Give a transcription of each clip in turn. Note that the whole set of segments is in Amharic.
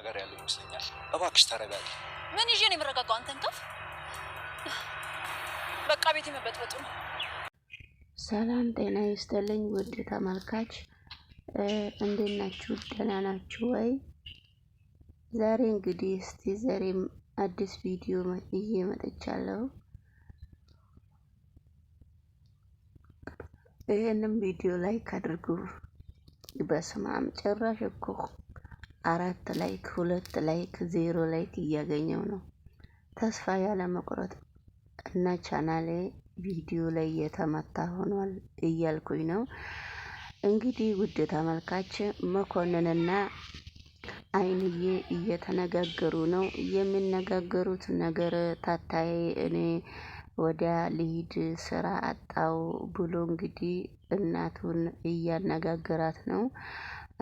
ነገር ያለው ይመስለኛል። እባክሽ ተረጋጊ። ምን ይዤ ነው የምረጋጋው? አንተን ከፍ በቃ ቤት የመበጥበጡ ነው። ሰላም ጤና ይስጥልኝ ውድ ተመልካች እንዴት ናችሁ? ደህና ናችሁ ወይ? ዛሬ እንግዲህ እስቲ ዛሬም አዲስ ቪዲዮ ይዤ መጥቻለሁ። ይህንም ቪዲዮ ላይክ አድርጉ። በስማም ጭራሽ እኮ አራት ላይክ ሁለት ላይክ ዜሮ ላይክ እያገኘው ነው። ተስፋ ያለ መቁረጥ እና ቻናሌ ቪዲዮ ላይ የተመታ ሆኗል እያልኩኝ ነው። እንግዲህ ውድ ተመልካች መኮንንና አይንዬ እየተነጋገሩ ነው። የሚነጋገሩት ነገር ታታዬ እኔ ወዲያ ልሂድ ስራ አጣው ብሎ እንግዲህ እናቱን እያነጋገራት ነው።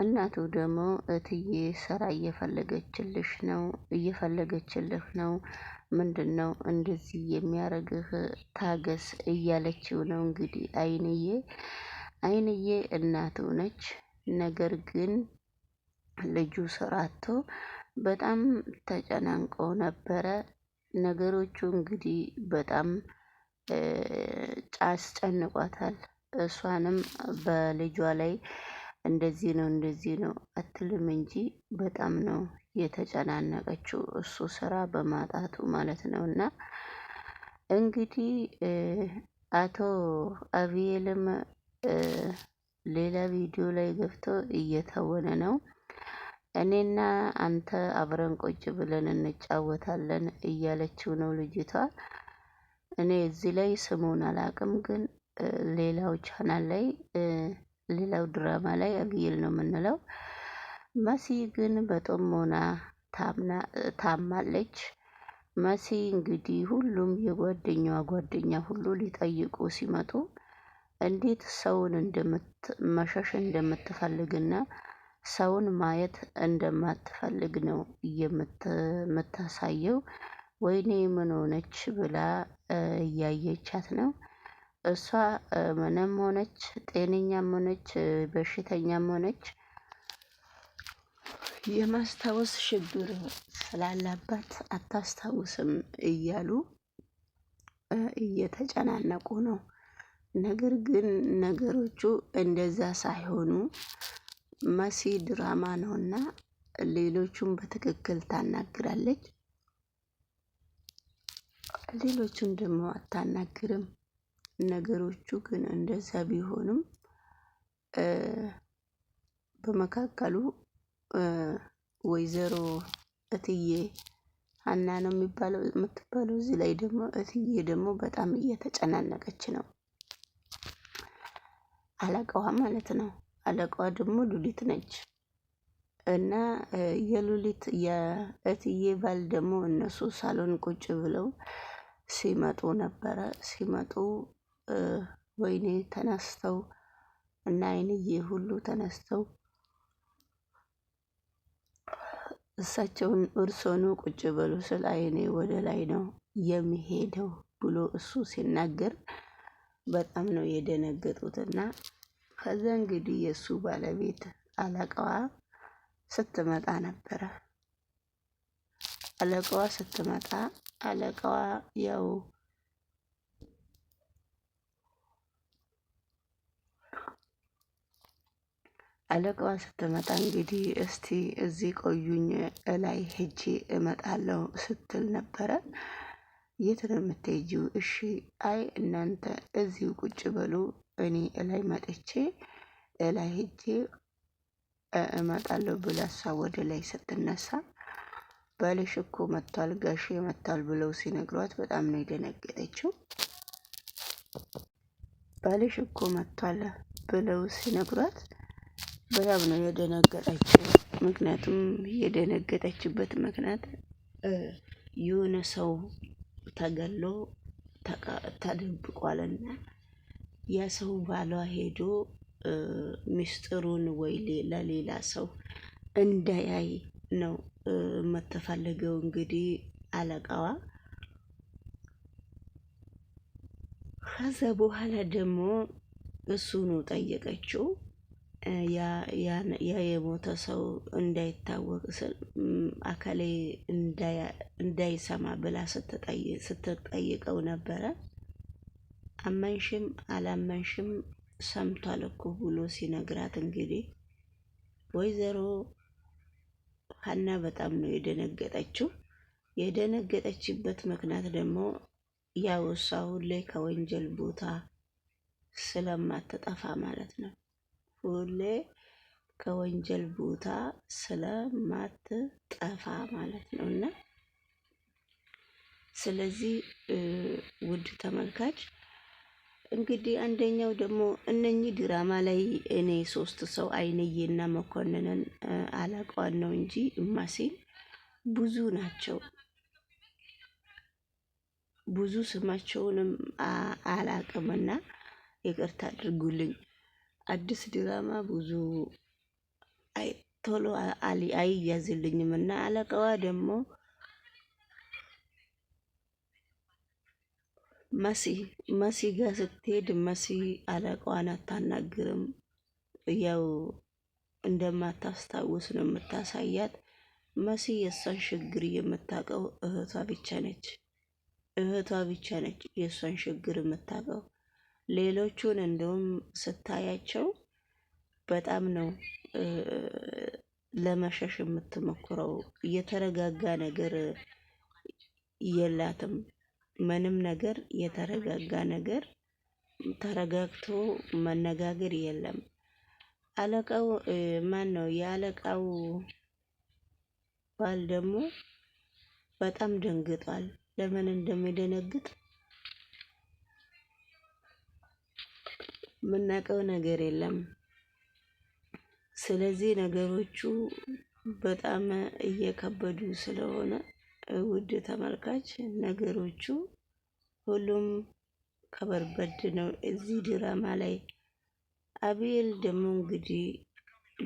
እናቱ ደግሞ እትዬ ስራ እየፈለገችልሽ ነው እየፈለገችልህ ነው ምንድን ነው እንደዚህ የሚያደርግህ ታገስ እያለችው ነው እንግዲህ አይንዬ አይንዬ እናቱ ነች ነገር ግን ልጁ ስራ በጣም ተጨናንቆ ነበረ ነገሮቹ እንግዲህ በጣም አስጨንቋታል እሷንም በልጇ ላይ እንደዚህ ነው እንደዚህ ነው አትልም እንጂ በጣም ነው የተጨናነቀችው እሱ ስራ በማጣቱ ማለት ነው። እና እንግዲህ አቶ አብዬልም ሌላ ቪዲዮ ላይ ገብቶ እየተወነ ነው። እኔና አንተ አብረን ቁጭ ብለን እንጫወታለን እያለችው ነው ልጅቷ። እኔ እዚህ ላይ ስሙን አላቅም ግን ሌላው ቻናል ላይ ሌላው ድራማ ላይ አብይል ነው የምንለው። መሲ ግን በጥሞና ታማለች። መሲ እንግዲህ ሁሉም የጓደኛዋ ጓደኛ ሁሉ ሊጠይቁ ሲመጡ እንዴት ሰውን መሸሽ እንደምትፈልግና ሰውን ማየት እንደማትፈልግ ነው የምታሳየው። ወይኔ ምን ሆነች ብላ እያየቻት ነው። እሷ ምንም ሆነች ጤነኛም ሆነች በሽተኛም ሆነች የማስታወስ ሽግር ስላላባት አታስታውስም እያሉ እየተጨናነቁ ነው። ነገር ግን ነገሮቹ እንደዛ ሳይሆኑ መሲ ድራማ ነውና ሌሎቹን በትክክል ታናግራለች፣ ሌሎቹን ደግሞ አታናግርም። ነገሮቹ ግን እንደዛ ቢሆንም በመካከሉ ወይዘሮ እትዬ ሀና ነው የሚባለው የምትባለው እዚህ ላይ ደግሞ እትዬ ደግሞ በጣም እየተጨናነቀች ነው። አለቃዋ ማለት ነው። አለቃዋ ደግሞ ሉሊት ነች። እና የሉሊት የእትዬ ባል ደግሞ እነሱ ሳሎን ቁጭ ብለው ሲመጡ ነበረ ሲመጡ ወይኔ ተነስተው እና አይንዬ ሁሉ ተነስተው እሳቸውን እርሶኑ ቁጭ በሉ ስል አይኔ ወደ ላይ ነው የሚሄደው ብሎ እሱ ሲናገር በጣም ነው የደነገጡትና ከዛ እንግዲህ የእሱ ባለቤት አለቃዋ ስትመጣ ነበረ። አለቃዋ ስትመጣ አለቃዋ ያው አለቃዋ ስትመጣ እንግዲህ እስቲ እዚህ ቆዩኝ እላይ ሄጄ እመጣለሁ ስትል ነበረ። የት ነው የምትሄጂው? እሺ አይ እናንተ እዚሁ ቁጭ በሉ እኔ እላይ መጥቼ እላይ ሄጄ እመጣለሁ ብላ እሷ ወደ ላይ ስትነሳ ባልሽ እኮ መጥቷል፣ ጋሽ መጥቷል ብለው ሲነግሯት በጣም ነው የደነገጠችው። ባልሽ እኮ መጥቷል ብለው ሲነግሯት በጣም ነው የደነገጠችው። ምክንያቱም የደነገጠችበት ምክንያት የሆነ ሰው ተገሎ ተደብቋልና ያ ሰው ባሏ ሄዶ ሚስጥሩን ወይ ሌላ ሌላ ሰው እንዳያይ ነው የምትፈልገው። እንግዲህ አለቃዋ ከዛ በኋላ ደግሞ እሱ ነው ጠየቀችው። ያ የሞተ ሰው እንዳይታወቅ ስል አከሌ እንዳይሰማ ብላ ስትጠይቀው ነበረ። አመንሽም አላመንሽም ሰምቷል እኮ ብሎ ሲነግራት እንግዲህ ወይዘሮ ሀና በጣም ነው የደነገጠችው። የደነገጠችበት ምክንያት ደግሞ ያው እሷ ላይ ከወንጀል ቦታ ስለማትጠፋ ማለት ነው። ሁሌ ከወንጀል ቦታ ስለማትጠፋ ማለት ነው እና ስለዚህ ውድ ተመልካች እንግዲህ አንደኛው ደግሞ እነኚህ ድራማ ላይ እኔ ሶስት ሰው አይንዬና መኮንንን አላውቀዋን ነው እንጂ እማሴን ብዙ ናቸው። ብዙ ስማቸውንም አላቅምና ይቅርታ አድርጉልኝ። አዲስ ድራማ ብዙ ቶሎ አይያዝልኝም እና አለቀዋ ደግሞ መሲ መሲ ጋር ስትሄድ መሲ አለቀዋን አታናግርም። ያው እንደማታስታውስ ነው የምታሳያት። መሲ የእሷን ችግር የምታውቀው እህቷ ብቻ ነች። እህቷ ብቻ ነች የእሷን ችግር የምታውቀው። ሌሎቹን እንደውም ስታያቸው በጣም ነው ለመሸሽ የምትሞክረው። የተረጋጋ ነገር የላትም። ምንም ነገር የተረጋጋ ነገር ተረጋግቶ መነጋገር የለም። አለቃው ማን ነው? የአለቃው ባል ደግሞ በጣም ደንግጧል። ለምን እንደሚደነግጥ የምናውቀው ነገር የለም። ስለዚህ ነገሮቹ በጣም እየከበዱ ስለሆነ ውድ ተመልካች ነገሮቹ ሁሉም ከበርበድ ነው እዚህ ድራማ ላይ። አቤል ደግሞ እንግዲህ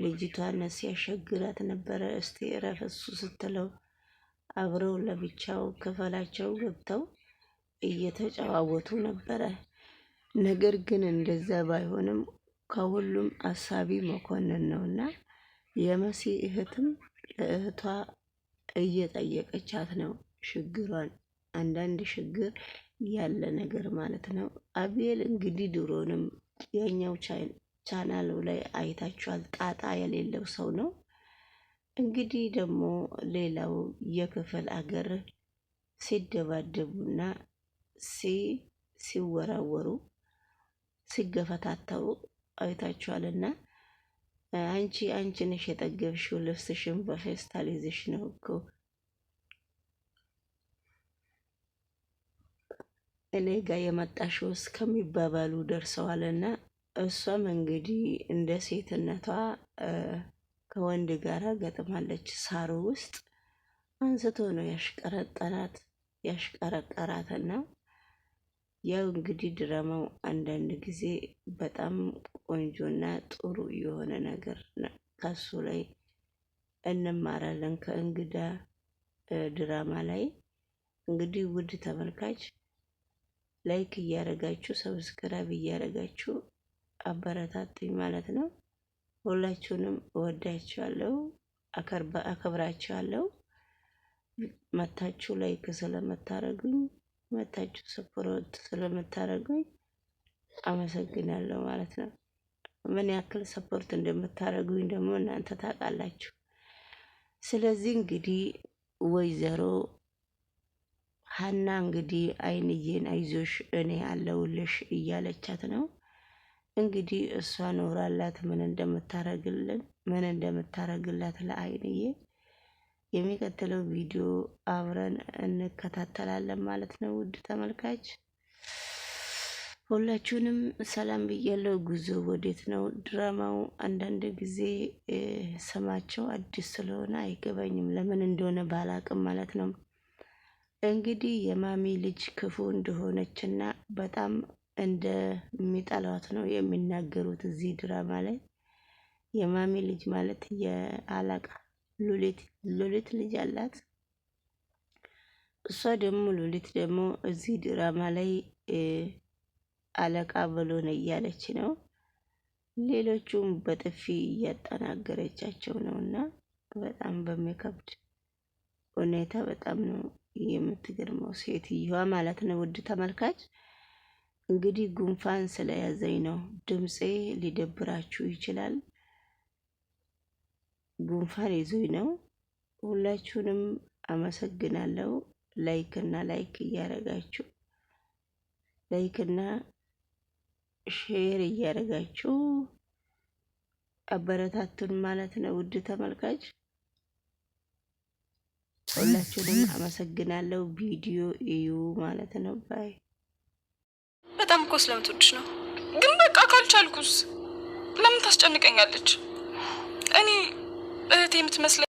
ልጅቷን ሲያሸግራት ነበረ። እስቲ ረፈሱ ስትለው አብረው ለብቻው ክፍላቸው ገብተው እየተጨዋወቱ ነበረ። ነገር ግን እንደዛ ባይሆንም ከሁሉም አሳቢ መኮንን ነውና የመሲ እህትም ለእህቷ እየጠየቀቻት ነው ችግሯን። አንዳንድ ችግር ያለ ነገር ማለት ነው። አቤል እንግዲህ ድሮንም የኛው ቻናሉ ላይ አይታችኋል። ጣጣ የሌለው ሰው ነው። እንግዲህ ደግሞ ሌላው የክፍል አገር ሲደባደቡና ሲወራወሩ ሲገፈታተሩ አይታችኋልና አንቺ አንቺ ነሽ የጠገብሽው ልብስሽን በፌስታል ይዘሽ ነው እኮ እኔ ጋር የመጣሽው እስከሚባባሉ ደርሰዋልና እሷም እንግዲህ እንደ ሴትነቷ ከወንድ ጋር ገጥማለች። ሳሩ ውስጥ አንስቶ ነው ያሽቀረጠራት ያሽቀረጠራትና ያው እንግዲህ ድራማው አንዳንድ ጊዜ በጣም ቆንጆና ጥሩ የሆነ ነገር ከሱ ላይ እንማራለን። ከእንግዳ ድራማ ላይ እንግዲህ ውድ ተመልካች ላይክ እያደረጋችሁ ሰብስክራይብ እያደረጋችሁ አበረታትኝ ማለት ነው። ሁላችሁንም እወዳችኋለሁ፣ አከብራችኋለሁ። መታችሁ ላይክ ስለምታደርጉኝ መታችሁ ስፖርት ስለምታደርጉኝ አመሰግናለሁ ማለት ነው። ምን ያክል ሰፖርት እንደምታደርጉኝ ደግሞ እናንተ ታውቃላችሁ። ስለዚህ እንግዲህ ወይዘሮ ሀና እንግዲህ አይንዬን አይዞሽ እኔ አለውልሽ እያለቻት ነው። እንግዲህ እሷ ኖራላት ምን እንደምታረግልን ምን እንደምታረግላት ለአይንዬ የሚቀጥለው ቪዲዮ አብረን እንከታተላለን ማለት ነው። ውድ ተመልካች ሁላችሁንም ሰላም ብያለው። ጉዞ ወዴት ነው? ድራማው አንዳንድ ጊዜ ስማቸው አዲስ ስለሆነ አይገባኝም፣ ለምን እንደሆነ ባላቅም ማለት ነው። እንግዲህ የማሚ ልጅ ክፉ እንደሆነችና በጣም እንደሚጠላዋት ነው የሚናገሩት እዚህ ድራማ ላይ። የማሚ ልጅ ማለት የአለቃ ሉሊት ልጅ አላት። እሷ ደግሞ ሉሊት ደግሞ እዚህ ድራማ ላይ አለቃ ነው እያለች ነው። ሌሎቹም በጥፊ እያጠናገረቻቸው ነው እና በጣም በሚከብድ ሁኔታ በጣም ነው የምትገርመው ሴትየዋ ማለት ነው። ውድ ተመልካች እንግዲህ ጉንፋን ስለያዘኝ ነው ድምፄ ሊደብራችሁ ይችላል። ጉንፋን ይዞኝ ነው። ሁላችሁንም አመሰግናለሁ። ላይክ እና ላይክ እያደረጋችሁ ላይክ እና ሼር እያደረጋችሁ አበረታቱን ማለት ነው። ውድ ተመልካች ሁላችሁንም አመሰግናለሁ። ቪዲዮ እዩ ማለት ነው። ባይ በጣም እኮ ስለምትወድሽ ነው። ግን በቃ ካልቻልኩስ ለምን ታስጨንቀኛለች? እኔ እህቴ የምትመስለ